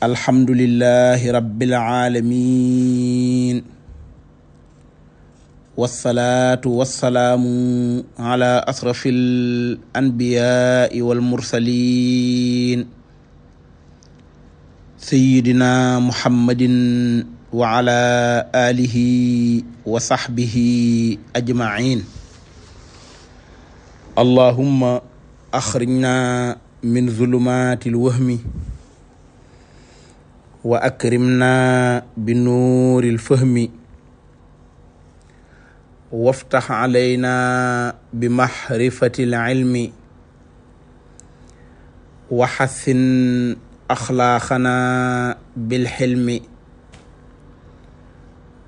alhamdulillahi rabbil aalamiin wassalaatu wassalaamu ala asrafil anbiyaai wal mursaliin sayyidina muhammadin wa ala aalihi wa sahbihi ajma'iin allahumma akhrijna min zulumaatil wahmi wa akrimna bi nuuril fahmi waftax alayna bi maxrifatil ilmi wa xassin axlaaqana bil xilmi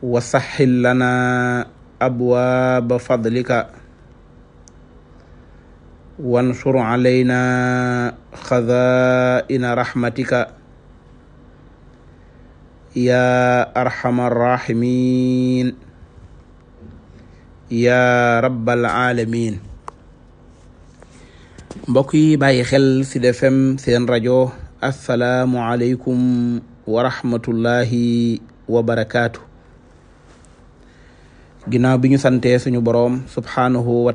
wa saxil lana abwaaba fadlika wansur alayna xazaina rahmatika ya arhamar rahimin ya rabbal alamin mbokk yi bàyyi xel Sud seen rajo asalaamualeykum wa rahmatullahi wa barakaatu ginnaaw bi ñu santee suñu boroom subhaanahu wa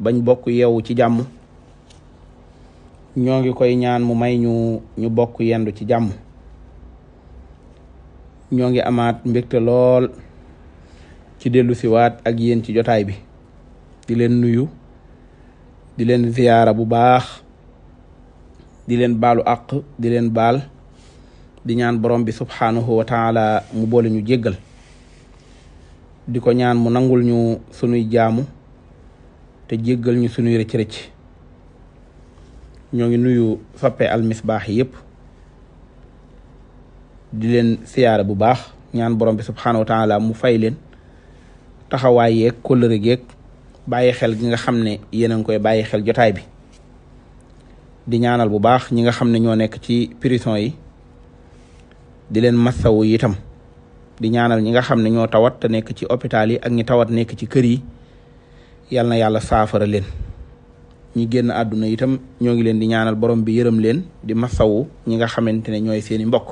bañ bokk yeewu ci jàmm ñoo ngi koy ñaan mu may ñu ñu bokk yendu ci jàmm ñoo ngi amaat mbégte lool ci dellu siwaat ak yéen ci jotaay bi di leen nuyu di leen ziyaara bu baax di leen baalu àq di leen baal di ñaan borom bi subhaanahu wa taala mu boole ñu jéggal di ko ñaan mu nangul ñu sunuy jaamu te jéggal ñu sunuy rëcc rëcc ñoo ngi nuyu sappe almisbaax yi yëpp di leen siyaara bu baax ñaan borom bi subxanahu wa taala mu fay leen taxawaay yeeg kóllëre geeg bàyyi xel gi nga xam ne yéen a ngi koy bàyyi xel jotaay bi di ñaanal bu baax ñi nga xam ne ñoo nekk ci prison yi di leen massawu itam di ñi nga xam ne ñoo tawat te nekk ci hôpital yi ak ñi tawat nekk ci kër yi. yal na yàlla saafara leen ñi génn àdduna itam ñoo ngi leen di ñaanal borom bi yërëm leen di masawu ñi nga xamante ne ñooy seeni mbokk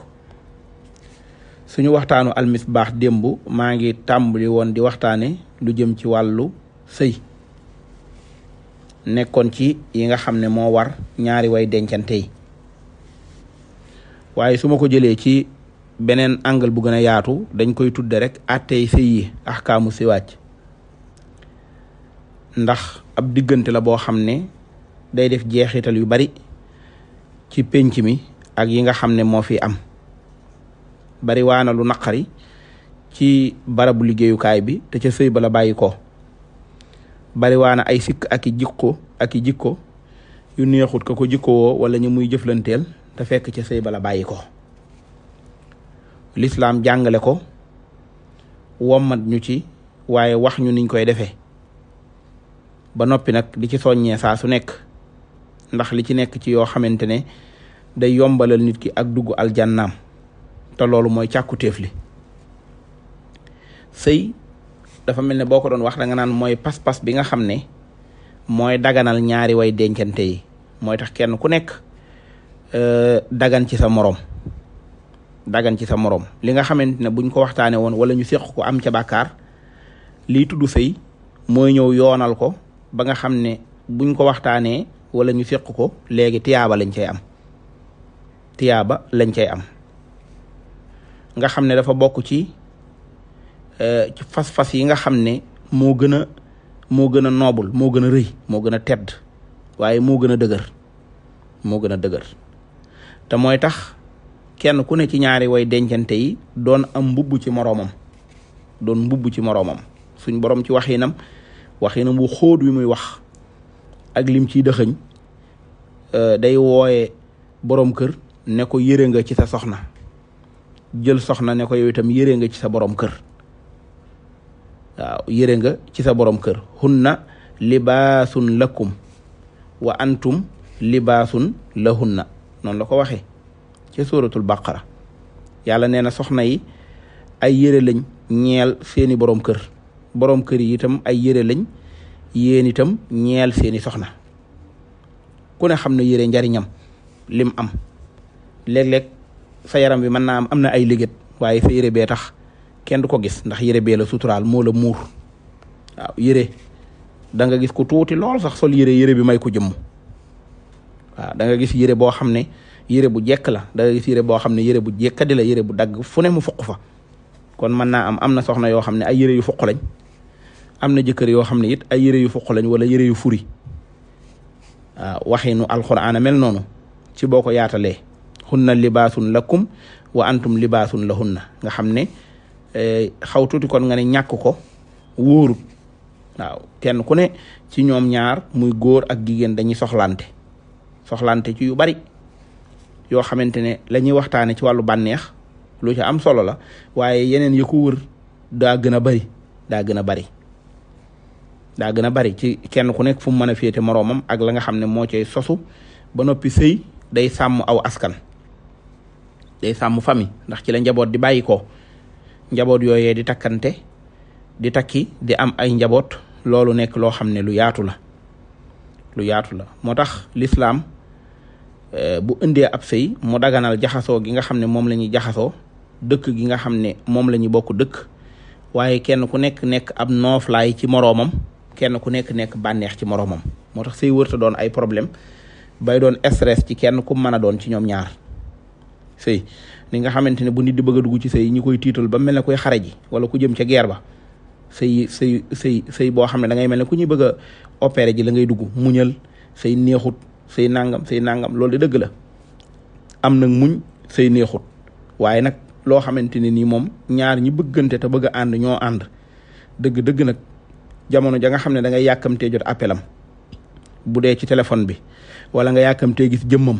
suñu waxtaanu almisbaax démb maa ngi tàmbali woon di waxtaane lu jëm ci wàllu sëy nekkoon ci yi nga xam ne moo war ñaari way dencante yi waaye su ma ko jëlee ci beneen angle bu gën a yaatu dañ koy tudde rek atey sëy yi axkaamu siwaaj ndax ab diggante la boo xam ne day def jeexital yu bari ci pénc mi ak yi nga xam ne moo fi am bari waana lu naqari ci barabu liggéeyukaay bi te ca sëy ba bàyyi ko bari waana ay sikk aki i jikko ak i yu neexut ka ko jikko woo wala ñu muy jëflanteel te fekk ca sëy ba bàyyi ko lislaam jàngale ko wommat ñu ci waaye wax ñu niñ koy defee ba noppi nag di ci soññee saa su nekk ndax li ci nekk ci yoo xamante ne day yombalal nit ki ak dugg aljannaam te loolu mooy càkkutéef li sëy dafa mel ne boo ko doon wax da nga naan mooy pas-pas bi nga xam ne mooy daganal ñaari way dencante yi mooy tax kenn ku nekk euh, dagan ci sa moroom dagan ci sa moroom li nga xamante ne buñ ko waxtaanee woon wala ñu séq ko am ca bàkkaar liy tudd sëy mooy ñëw yoonal ko ba nga xam ne buñ ko waxtaanee wala ñu feq ko léegi tiyaaba lañ cay am tiyaaba lañ cay am nga xam ne dafa bokk ci euh, ci fas-fas yi nga xam ne moo gën a moo gën a noobul moo gën a rëy moo gën a tedd waaye moo gën a dëgër moo gën a dëgër te mooy tax kenn ku ne ci ñaari way dencante yi doon am mbubb ci moroomam doon mbubb ci moroomam suñ borom ci waxinam waxinam wu xóot wi muy wax ak lim ciy dëxëñ euh, day wooye borom kër ne ko yëre nga ci sa soxna jël soxna ne ko yow itam yëre nga ci sa borom kër waaw yëre nga ci sa borom kër hunna libaasun lakum wa antum libaasun lahunna noonu la ko waxee ci suratul baqara yàlla nee na soxna yi ay yëre lañ ñeel seeni borom kër boroom kër yi itam ay yére lañ yéen itam ñeel seeni soxna ku ne xam ne yére njariñam lim am léeg-léeg sa yaram bi mën naa am am na ay liggéey waaye sa yére bee tax kenn du ko gis ndax yére bee la suturaal moo muur waaw yére danga nga gis ku tuuti lool sax sol yére yére bi may ko jëmm waaw da gis yére boo xam ne yére bu jekk la da nga gis yére boo xam ne yére bu jekkadi la yére bu dagg fu ne mu fuq fa kon mën naa am am na soxna yoo xam ne ay yére yu fuq lañ am na jëkkër yoo xam ne it ay yëre yu fuq lañ wala yëre yu furi waaw ah, waxinu alquraan mel noonu ci boo ko yaatalee hunna libaasun lakum wa antum libaasun lahunna nga xam ne eh, xaw tuuti kon nga ne ñàkk ko wóorut waaw kenn ku ne ci ñoom ñaar muy góor ak jigéen dañuy soxlante soxlante ci yu bari yoo xamante ne la ñuy waxtaane ci wàllu bànneex lu ci am solo la waaye yeneen yu ko wër daa gën a bari daa gën a bari daa gën a bari ci kenn ku nekk fu mu mën a moroomam ak la nga xam ne moo cay sosu ba noppi sëy day sàmm aw askan day sàmm famille ndax ci la njaboot di bàyyi ko njaboot yooyee di takkante di takki di am ay njaboot loolu nekk loo xam ne lu yaatu la lu yaatu la moo tax lislaam eh, bu indee ab sëy mu daganal jaxasoo gi nga xam ne moom lañuy jaxasoo dëkk gi nga xam ne moom lañuy ñu bokk dëkk waaye kenn ku nekk nekk ab nooflaay ci moroomam kenn ku nekk nekk bànneex ci moromam moo tax say wërta doon ay problème bay doon stress ci kenn ku mën a doon ci ñoom ñaar sëy ni nga xamante ne bu nit di bëgg a dugg ci sëy ñi koy tiital ba mel ne koy xare ji wala ku jëm ca guerre ba sëy sëy sëy boo xam ne da ngay mel ne ku ñuy bëgg a ji la ngay dugg muñal sëy neexut sëy nangam sëy nangam loolu de dëgg la am nag muñ sëy neexut waaye nag loo xamante ne nii moom ñaar ñi bëggante te bëgg a ànd ñoo ànd dëgg nag jamono ja nga xam ne da ngay yàkkamtee jot appelam bu dee ci téléphone bi wala nga yàkkamtee gis jëmmam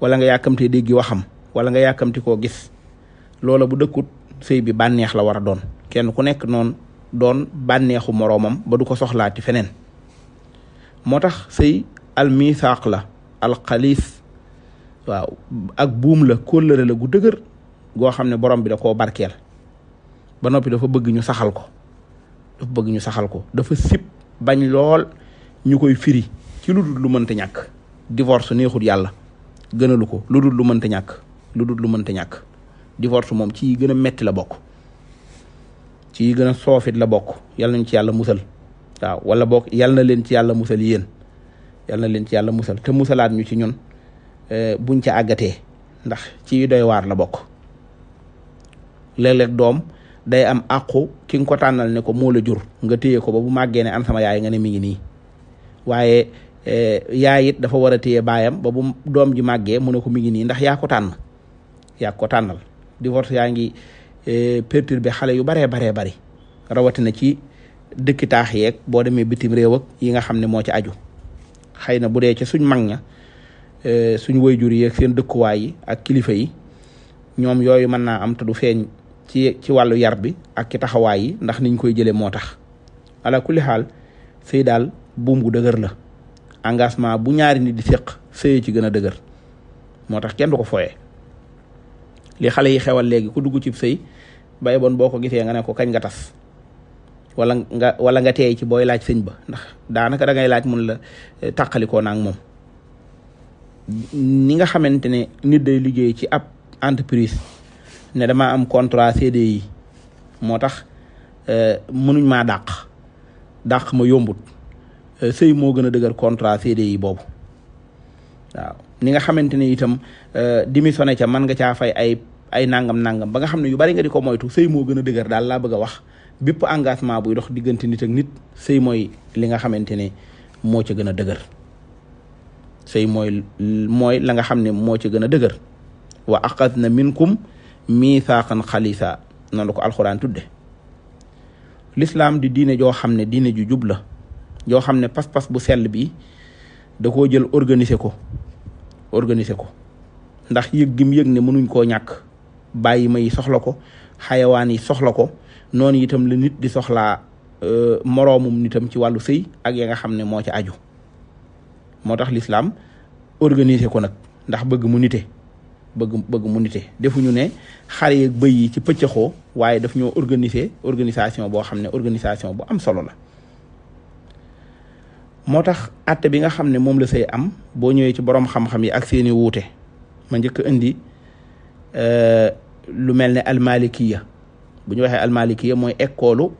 wala nga yàkkamtee gi waxam wala nga yàkkamti koo gis loola bu dëkkut sëy bi bànneex la war a doon kenn ku nekk noon doon bànneexu moroomam ba du ko soxlaati feneen moo tax sëy almisaaq la alxaliis waaw ak buum la kóllëre la gu dëgër goo xam ne borom bi da koo barkeel ba noppi dafa bëgg ñu saxal ko dafa bëgg ñu saxal ko dafa sib bañ lool ñu koy firi ci lu dul lu mënta ñàkk divorce neexul yàlla gënalu ko lu dul lu mënta ñàkk lu dul lu mënta ñàkk divorce moom ci gën a metti la bokk ci gën a soofit la bokk yàlla nañ ci yàlla musal waaw wala bokk yàlla na leen ci yàlla musal yéen yàlla na leen ci yàlla musal te musalaat ñu ci ñun eh, buñ ci àggatee ndax ci doy waar la bokk léeg-léeg doom day am àqu ki nga ko tànnal ne ko moo la jur nga téye ko ba bu màggee ne an sama yaay nga ne mi ngi nii waaye eh, yaay it dafa war a téye baayam ba bu doom ji màggee mu ne ko mi ngi nii ndax yaa ko tànn yaa ko tànnal divorce yaa ngi eh, perturbé xale yu baree baree bari rawatina ci dëkkitaax taax yeeg boo demee bitim réew ak yi nga xam ne moo ci aju xëy na bu dee ca suñ mag ña eh, suñ woy jur yi seen dëkkuwaay ak kilifa yi ñoom yooyu mën naa am te du feeñ ci ci wàllu yar bi ak ki taxawaay yi ndax niñ koy jëlee moo tax ala kulli xaal sëy daal buum gu dëgër la engagement bu ñaari nit di séq sëy ci gën a dëgër moo tax kenn du ko foyee li xale yi xewal léegi ku dugg ci sëy bay boon boo ko gisee nga ne ko kañ nga tas wala nga wala nga teey ci booy laaj sëñ ba ndax daanaka da ngay laaj mun la eh, tàqalikoo naag moom ni nga xamante ne nit day liggéey ci ab entreprise ne damaa am contrat CDI moo tax euh, mënuñ maa dàq dàq ma yombut euh, sëy moo gën a dëgër contrat CDI boobu waaw ni nga xamante ne itam euh, démissionné ca mën nga caa fay ay ay nangam nangam ba nga xam ne yu bari nga di ko moytu sey moo gën a dëgër daal laa bëgg wax bépp engagement buy dox diggante nit ak nit mooy li nga xamante ne moo ca gën a dëgër sëy mooy mooy la nga xam ne moo ca gën a dëgër minkum miithaqan xalisa noonu la ko alxuraan tudde lislaam di diine joo xam ne diine ju jub la joo xam ne pas-pas bu sell bi da koo jël organiser ko organiser ko ndax yëg gim yëg ne mënuñ koo ñàkk bàyyi ma yi soxla ko xayawaan yi soxla ko noonu itam la nit di soxlaa euh, moroomum nitam ci wàllu sëy ak ya nga xam ne moo ci aju moo tax lislaam organiser ko nag ndax bëgg mu nite bëgg bëgg mu nite defuñu ne xar yeeg bëy yi ci pëccëxoo waaye daf ñoo organiser organisation boo xam ne organisation bu am solo la moo tax àtte bi nga xam ne moom la say am boo ñëwee ci boroom xam-xam yi ak seeni wuute ma njëkk indi euh, lu mel ne almalikiya bu ñu waxee almalikiya mooy école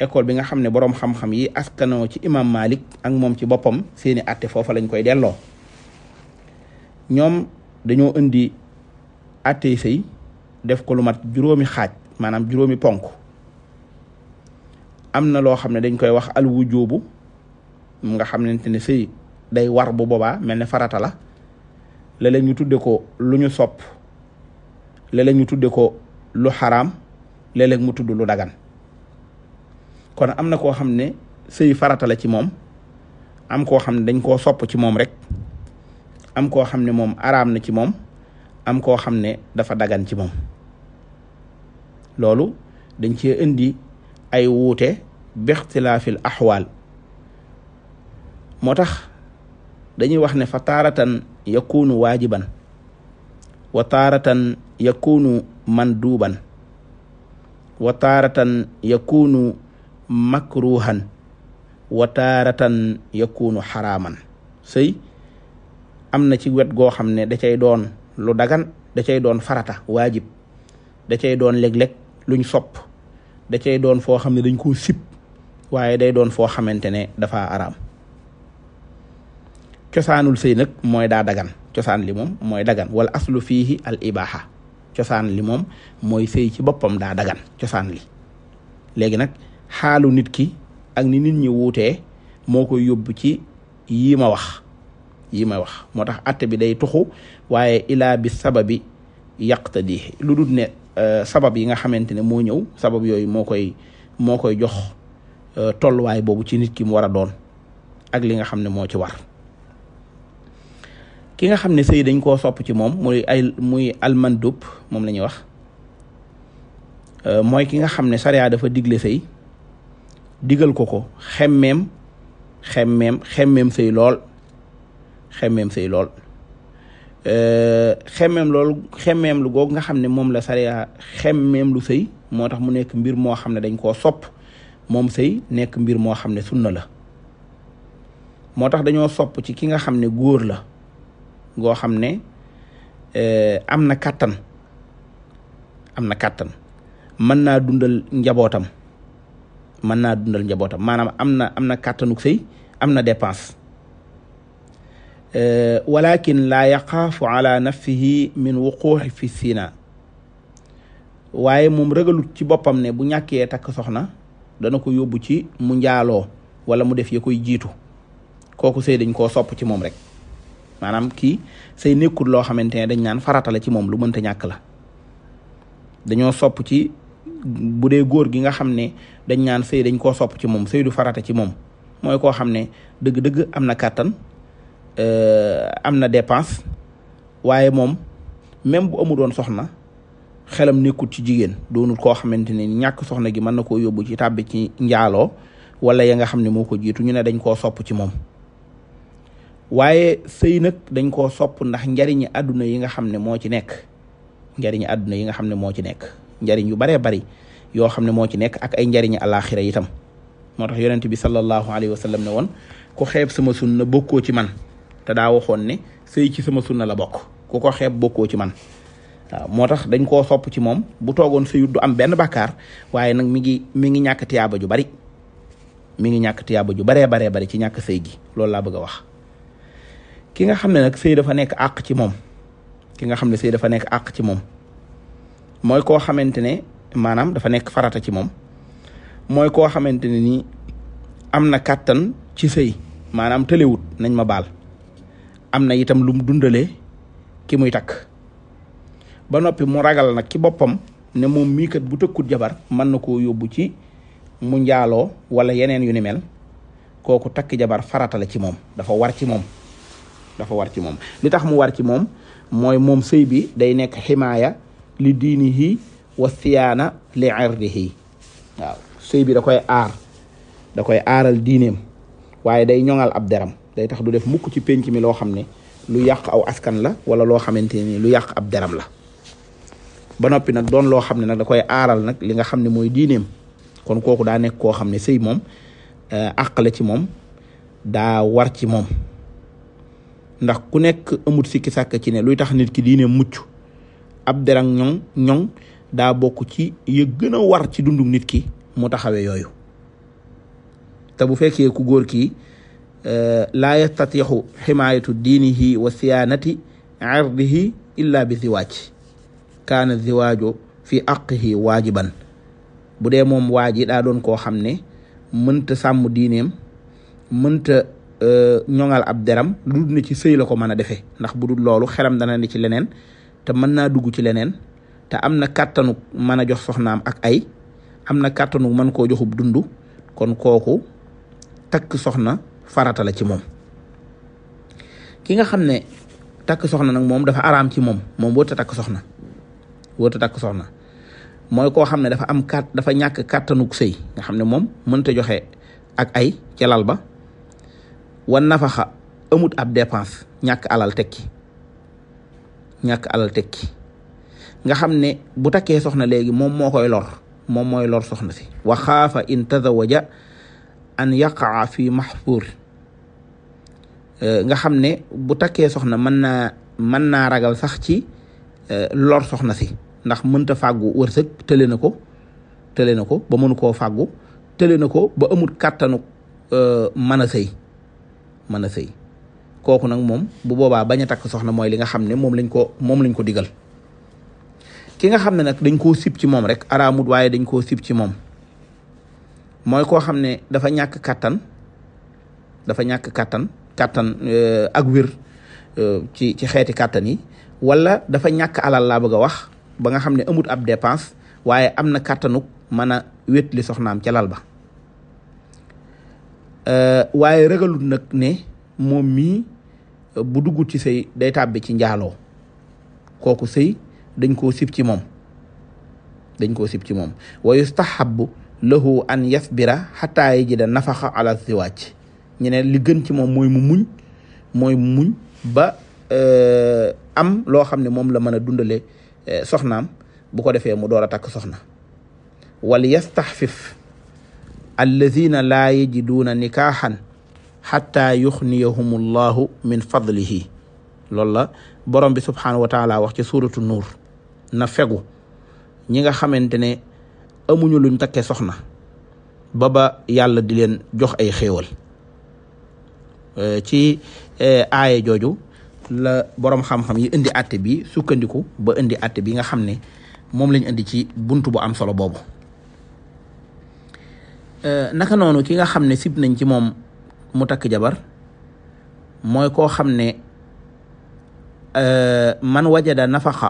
école bi nga xam ne boroom xam-xam yi askanoo ci imam Malik ak moom ci boppam seeni àtte foofa lañ koy delloo ñoom dañoo indi attey sëy def ko lu mat juróomi xaaj maanaam juróomi ponk am na loo xam ne dañ koy wax al wujubu nga xamante ne sëy day war bu boobaa mel ne farata la léeg-léeg ñu tudde ko lu ñu sopp léeg-léeg ñu tudde ko lu xaraam léeg-léeg mu tudd lu dagan kon am na koo xam ne sëy farata la ci moom am koo xam ne dañ koo sopp ci moom rek am koo xam ne moom araam na ci moom am koo xam ne dafa dagan ci moom loolu dañ cee indi ay wuute bixtilaafil axwaal moo tax dañuy wax ne fa taaratan yakunu waajiban wa taaratan yakunu manduuban wa taaratan yakunu makruuhan wa taaratan yakunu xaraaman sëy am na ci wet goo xam ne da cay doon lu dagan da cay doon farata waajib da cay doon léeg-léeg luñ sopp da cay doon foo xam ne dañ ko sib waaye day doon foo xamante ne dafa araam cosaanul sëy nag mooy daa dagan cosaan li moom mooy dagan wala aslu fiihi al ibaha cosaan li moom mooy sëy ci boppam daa dagan cosaan li léegi nag xaalu nit ki ak ni nit ñi wuutee moo koy yóbbu ci yii ma wax yi ma wax moo tax ate bi day tuxu waaye ilaa bi sababi di lu dul ne euh, sabab yi nga xamante ne moo ñëw sabab yooyu moo koy moo koy jox euh, tolluwaay boobu ci nit ki mu war a doon ak li nga xam ne moo ci war ki nga xam ne sëy dañ koo sopp ci moom muy ay muy almandub moom la ñuy wax euh, mooy ki nga xam ne sariya dafa digle sëy digal ko ko xemmeem xem xemmeem sëy lool xemmeem sëy lool euh, xemmeem loolu xemmeem lu googu nga xam ne moom la sariya xemmeem lu sëy moo tax mu nekk mbir moo xam ne dañ koo sopp moom sëy nekk mbir moo xam ne sunna la moo tax dañoo sopp ci ki nga xam ne góor la goo xam ne euh, am na kattan am na kàttan mën naa dundal njabootam mën naa dundal njabootam maanaam am na am na kàttanuk sëy am na dépense wala kin walakin laa yaxaafu ala nafsihi min wuquuxi fi sina waaye moom ragalut ci boppam ne bu ñàkkee takk soxna dana ko yóbbu ci mu njaaloo wala mu def ya koy jiitu kooku sëy dañ koo sopp ci moom rek maanaam kii sëy nekkut loo xamante ne dañ naan farata ci moom lu mënta ñàkk la dañoo sopp ci bu dee góor gi nga xam ne dañ naan sëy dañ koo sopp ci moom sëy du farata ci moom mooy koo xam ne dëgg-dëgg am na kàttan Euh, am na dépense waaye moom même bu amu doon soxna xelam nekkut ci jigéen doonul koo xamante ne ñàkk soxna gi mën na ko yóbbu ci tàbbi ci njaaloo wala ya nga xam ne moo ko jiitu ñu ne dañ koo sopp ci moom waaye sëy nag dañ koo sopp ndax njariñi àdduna yi nga xam ne moo ci nekk njariñi àdduna yi nga xam ne moo ci nekk njariñ yu baree bari yoo xam ne moo ci nekk ak ay njariñi alaxira itam moo tax yonent bi sallallahu alayhi wa sallam ne woon ku xeeb sama sunna bokkoo ci man te daa waxoon ne sëy ci sama sunna la bokk ko ko xeeb bokkoo ci man moo tax dañ koo sopp ci moom bu toogoon sëyut du am benn bàkkaar waaye nag mi ngi mi ngi ñàkk tiyaaba ju bari mi ngi ñàkk tiyaaba ju baree baree bari ci ñàkk sëy gi loolu laa bëgg a wax ki nga xam ne nag sëy dafa nekk àq ci moom ki nga xam ne sëy dafa nekk àq ci moom mooy koo xamante ne maanaam dafa nekk farata ci moom mooy koo xamante ne nii am na kàttan ci sëy maanaam tëlewut nañ ma baal am na itam lu mu dundalee ki muy takk ba noppi mu ragal nag ci boppam ne moom mii kat bu tëkkut jabar mën na koo yóbbu ci mu njaaloo wala yeneen yu ni mel kooku takk jabar faratale ci moom dafa war ci moom dafa war ci moom li tax mu war ci moom mooy moom sëy bi day nekk ximaaya li diinihi wa siyaana li irdihi waaw sëy bi da koy aar da koy aaral diineem waaye day ñoŋal ab deram day tax du def mukk ci penc mi loo xam ne lu yàq aw askan la wala loo xamante ni lu yàq ab deram la ba noppi nag doon loo xam ne nag da koy aaral nag li nga xam ne mooy diineem kon kooku daa nekk koo xam ne sëy moom euh, àq la ci moom daa war ci moom ndax ku nekk amut sikki sàkk ci ne luy tax nit ki diineem mucc ab deram ñoŋ ñoŋ daa bokk ci yë gën a war ci dundu nit ki mu taxawee yooyu te bu fekkee ku góor kii Eh, laa yastatixu diini diinihi wa siyaanati irdihi illa bi ziwaaj kaana ziwaaju fi aqihi waajiban bu dee moom waaj yi daa doon koo xam ne mënta sàmm diineem mënta eh, ñoŋal ab deram lu ci sëy la ko mën a defee ndax bu dul loolu xelam dana ne ci leneen te mën naa dugg ci leneen te am na kàttanu mën a jox soxnaam ak ay am na kàttanu mën koo joxub dundu kon kooku takk soxna farata la ci moom ki nga xam ne takk soxna nag moom dafa araam ci moom moom wërta takk soxna wërta takk soxna mooy koo xam ne dafa am kàtt dafa ñàkk kàttanug sëy nga xam ne moom mënta joxe ak ay ca ba wan nafaxa amut ab dépense ñàkk alal tekki ñàkk alal tekki nga xam ne bu takkee soxna léegi moom moo koy loor moom mooy lor soxna si wa xaafa in tazawaja an yaqaa fi maxfuur nga xam ne bu takkee soxna mën naa mën naa ragal sax ci eh, lor soxna si ndax mënta fàggu wërsëg tële na ko tële na ko ba mënu koo fàggu tële na ko ba amul kàttanu eh, mën a sëy mën a sëy kooku nag moom bu boobaa bañ a takk soxna mooy li nga xam ne moom lañ ko moom lañ ko digal ki nga xam ne nag dañ koo sib ci moom rek araamut waaye dañ koo sib ci moom mooy koo xam ne dafa ñàkk kàttan dafa ñàkk kàttan kàttan euh, ak wér euh, ci ci xeeti kàttan yi wala dafa ñàkk alal la bëgg a wax ba nga xam ne amut ab dépense waaye am na kàttanuk mën a wét li soxnaam ca lal ba euh, waaye ragalut nag ne moom mii bu duggut ci sëy day bi ci njaaloo kooku sëy dañ koo sib ci moom dañ ko sib ci moom wa yustahabbu lahu an yasbira xataa yajida nafaxa ala siwaaj ñu ne li gën ci moom mooy mu muñ mooy muñ ba euh, am loo xam ne moom la mën a dundale euh, soxnaam bu ko defee mu door a takk soxna wal yastaxfif allazina laa yajiduuna nikaaxan xataa yuxniyahum allahu min fadlihi loolu la borom bi subhaanahu wa taala wax ci suuratu nuur na fegu ñi nga xamante ne amuñu luñ takkee soxna baba ba yàlla di leen jox ay xéewal euh, ci euh, aaya jooju la boroom xam-xam yi indi àtte bi sukkandiku ba indi àtte bi nga xam ne moom lañ indi ci bunt bu am solo boobu euh, naka noonu ki nga xam ne sib nañ ci moom mu takk jabar mooy koo xam ne man wajada nafaqa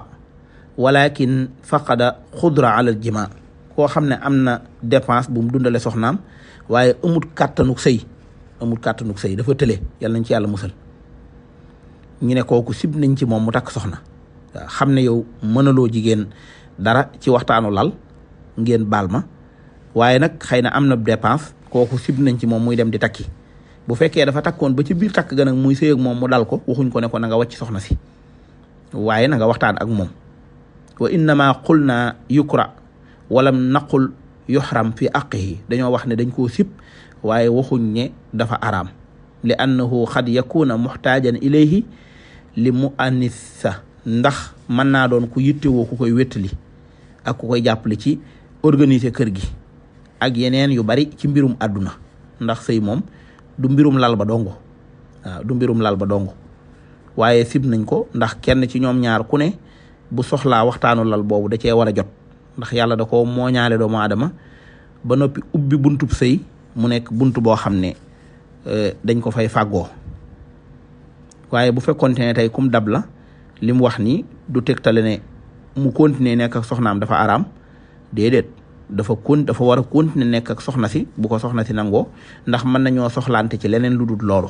walakin faqada xudra ala al jima koo xam ne am na dépence bu mu dundale soxnaam waaye amut kàttanuk sëy amut kàttanuk sëy dafa tële yàlla nañ ci yàlla musal ñu ne kooku sib nañ ci moom mu takk soxna waaw xam ne yow mënaloo jigéen dara ci waxtaanu lal ngeen baal ma waaye nag xëy na am na dépense kooku sib nañ ci moom muy dem di takki bu fekkee dafa takkoon ba ci biir takk ga nag muy sëy ak moom mu daal ko waxuñ ko ne ko na nga wàcc soxna si waaye na waxtaan ak moom wa innama qul naa wala naqul yuxram fi aqihi dañoo wax ne dañ koo sib waaye waxuñ ne dafa araam li annahu na yakuna muxtaajan ilayhi li mu anissa ndax mën naa doon ku yittewoo ku koy wéttali ak ku koy jàppale ci organiser kër gi ak yeneen yu bari ci mbirum àdduna ndax sëy moom du mbirum lal ba dong du mbirum lal ba dong waaye sib nañ ko ndax kenn ci ñoom ñaar ku ne bu soxlaa waxtaanoo lal boobu da cee war a jot ndax yàlla da ko mooñaale doomu aadama ba noppi ubbi buntub sëy mu nekk bunt boo xam ne euh, dañ ko fay fàggoo waaye bu fekkoonte ne tey kum dab la li mu wax ni du tegtale ne mu continuer nekk ak dafa araam déedéet dafa kon dafa war a continuer nekk ak soxna si bu ko soxna si nangoo ndax mën nañoo soxlaante ci leneen lu dul loolu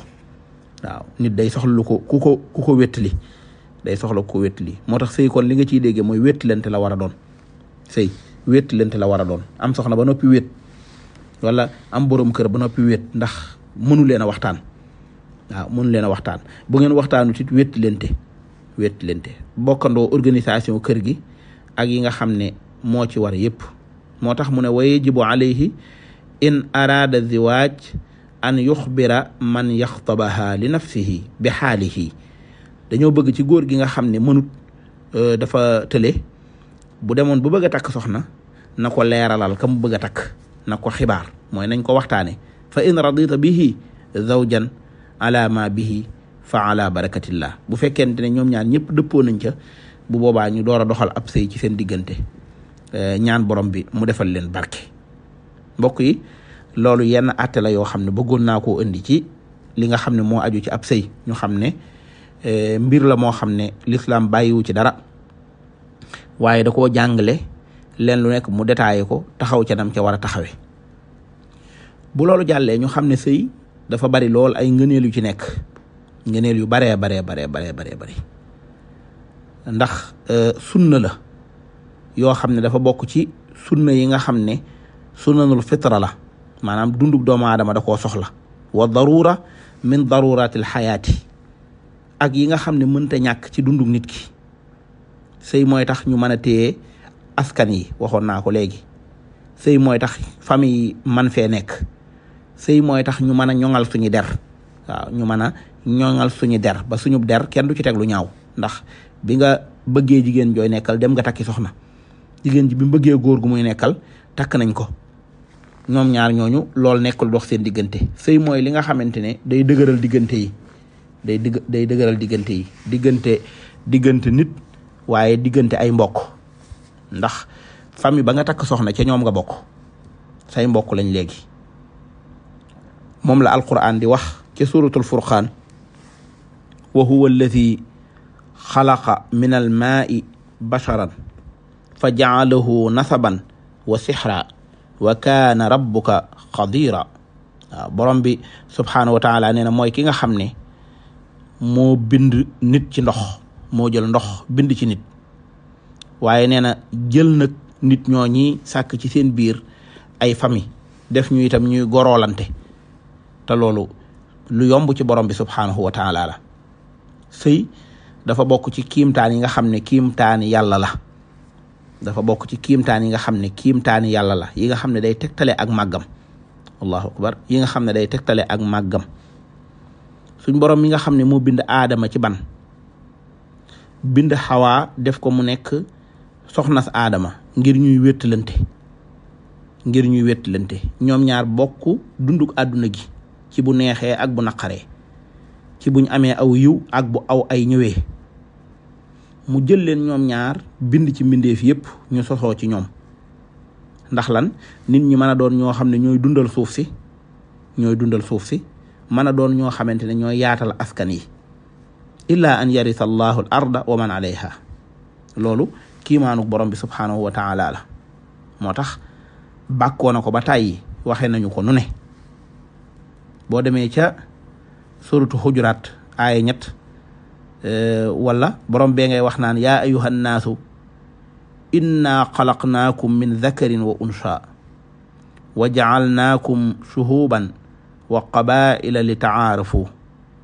waaw nit day soxla lu ko ku ko ku ko wétali day soxla ku ko wétali moo tax sëy kon li nga ciy déggee mooy wéttalante la war a doon sëy wéet lente la war a doon am soxna ba noppi wéet wala am boroom kër ba noppi wéet ndax mënu leen a waxtaan waaw mënu leen a waxtaan bu ngeen waxtaanu tit wéet lente wéet lente bokkandoo organisation kër gi ak yi nga xam ne moo ci war yépp moo tax mu ne wa yajibu alayhi in araada ziwaaj an yuxbira man yaxtabaha li nafsihi bi xaalihi dañoo bëgg ci góor gi nga xam ne mënut euh, dafa tële bu demoon bu bëgg a takk soxna na ko leeralal ka mu bëgg a takk na ko xibaar mooy nañ ko waxtaane fa in radita bihi zawjan ala ma bihi fa ala barakatillah bu fekkente ne ñoom ñaan ñëpp dëppoo nañ ca bu boobaa ñu door a doxal ab sëy ci seen diggante e, ñaan borom bi mu defal leen barke mbokk yi loolu yenn àtte la yoo xam ne bëggoon naa ko indi ci li nga xam ne moo aju ci ab sëy ñu xam ne e, mbir la moo xam ne lislaam bàyyiwu ci dara waaye da koo jàngale leen lu nekk mu détaillé ko taxaw ca nam ca war a taxawe bu loolu jàllee ñu xam ne sëy dafa bari lool ay ngëneel yu ci nekk ngëneel yu baree baree baree baree baree bari ndax e, sunna la yoo xam ne dafa bokk ci sunna yi nga xam ne sunnanul fitra la maanaam dundub doomu aadama da koo soxla wa darura min daruratil xayaati ak yi nga xam ne mënta ñàkk ci dundug nit ki sëy mooy tax ñu mën a téye askan yi waxoon naa ko léegi sëy mooy tax famille man fee nekk sëy mooy tax ñu mën a ñoŋal suñu der ñu mën a ñoŋal suñu der ba suñu der kenn du ci teg lu ñaaw ndax bi nga bëggee jigéen jooy nekkal dem nga takki soxna jigéen bi bëggee góor gu muy nekkal takk nañ ko ñoom ñaar ñooñu loolu nekkul dox seen diggante sëy mooy li nga xamante ne day dëgëral diggante yi day dëgg day dëgëral diggante yi diggante diggante nit waaye diggante ay mbokk ndax famille ba nga takk soxna ca ñoom nga bokk say mbokk lañ léegi moom la alquran di wax ca suratul furqaan wa huwa alladi xalaqa min al basharan fa jaalahu nasaban wa sixra wa kaana rabbuka qadira waaw borom bi subhaanahu wa taala na mooy ki nga xam ne moo bind nit ci ndox moo jël ndox bind ci nit waaye nee na jël nag nit ñoo ñi sàkk ci seen biir ay famille def ñu itam ñuy gorolante te loolu lu yomb ci borom bi subhaanahu wa taala la dafa bokk ci kiimtaan yi nga xam ne kiimtaani yàlla la dafa bokk ci kiimtaan yi nga xam ne kiimtaani yàlla la yi nga xam ne day tegtale ak màggam yi nga xam ne day tegtale ak màggam suñ borom mi nga xam ne moo bind aadama ci ban bind xawaa def ko mu nekk soxnas aadama ngir ñuy wéttalante ngir ñuy wéttalante ñoom ñaar bokk dunduk àdduna gi ci bu neexee ak bu naqaree ci buñ amee aw yiw ak bu aw ay ñëwee mu jël leen ñoom ñaar bind ci mbindeef yépp ñu sosoo ci ñoom ndax lan nit ñi mën a doon ñoo xam ne ñooy dundal suuf si ñooy dundal suuf si mën a doon ñoo xamante ne ñooy yaatal askan yi illa an yarisa allahu al arda man alayha loolu kiimaanu borom bi subhaanahu taala la moo tax bàkkoo na ko ba tàyyi waxee nañu ko nu ne boo demee ca suratu xujuraat aaya ñett eh, wala borom bee ngay wax naan yaa ayuha nnaasu inna xalaqnaakum min dakarin wa unsa wa jacalnaakum shuhuban wa qabaila li taaarafu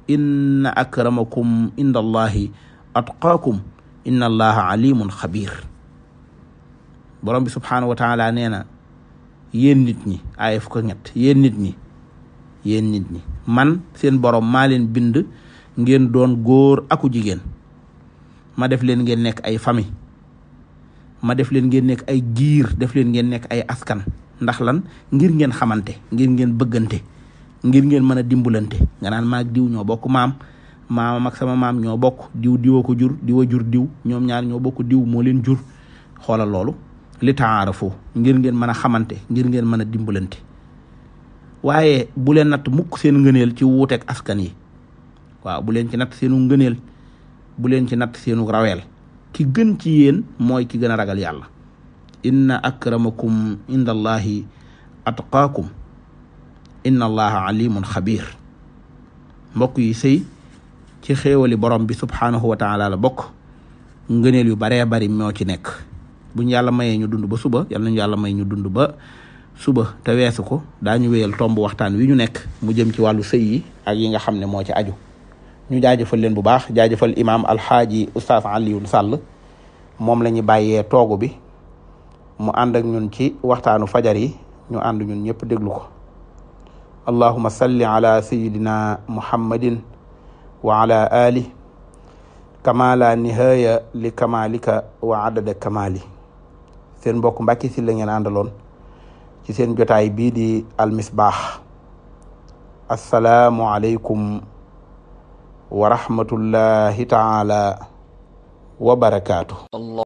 inna akramakum inda allahi atqaakum inna allaha alimun xabir borom bi subhaanahu wa taala nee na yéen nit ñi aaya fukk ak ñett yéen nit ñi yéen nit ñi man seen borom maa bind ngeen doon góor aku jigéen ma def leen ngeen nekk ay famille ma def leen ngen nekk ay giir def leen ngeen nekk ay askan ndax lan ngir ngeen xamante ngir ngeen bëggante ngir ngeen mën a dimbalante nga naan maag diw ñoo bokk maam maam ak sama maam ñoo bokk diw diwa ko jur diwa jur diw ñoom ñaar ñoo bokk diw moo leen jur xoolal loolu li taarafoo ngir ngeen mën a xamante ngir ngeen mën a dimbalante waaye bu leen natt mukk seen ngëneel ci wuuteeg askan yi waaw bu leen ci natt seenu ngëneel bu leen ci natt seenu raweel ki gën ci yéen mooy ki gën a ragal yàlla inna akramakum inda allahi atqaakum inna allaha alimun xabir mbokk yi sëy ci xéewali borom bi subhaanahu wa la bokk ngëneel yu baree bari moo ci nekk bu yàlla mayee ñu dund ba suba yàlla nañu yàlla may ñu dund ba suba te weesu ko daañu wéyal tomb waxtaan wi ñu nekk mu jëm ci wàllu sëy yi ak yi nga xam ne moo ci aju ñu jaajëfal leen bu baax jaajëfal imaam alxaaji oustaz Alioune Sall moom la ñu bàyyee toogu bi mu ànd ñun ci waxtaanu fajar yi ñu ànd ñun ñëpp déglu allahuma salli ala sayidina muhammadin wa ala ali kama nihaya li wa adada kamali seen mbokk Mbàkke Sylla ngeen àndaloon ci seen jotaay bii di almisbaax assalaamu aleykum wa rahmatullahi taala wa barakaatu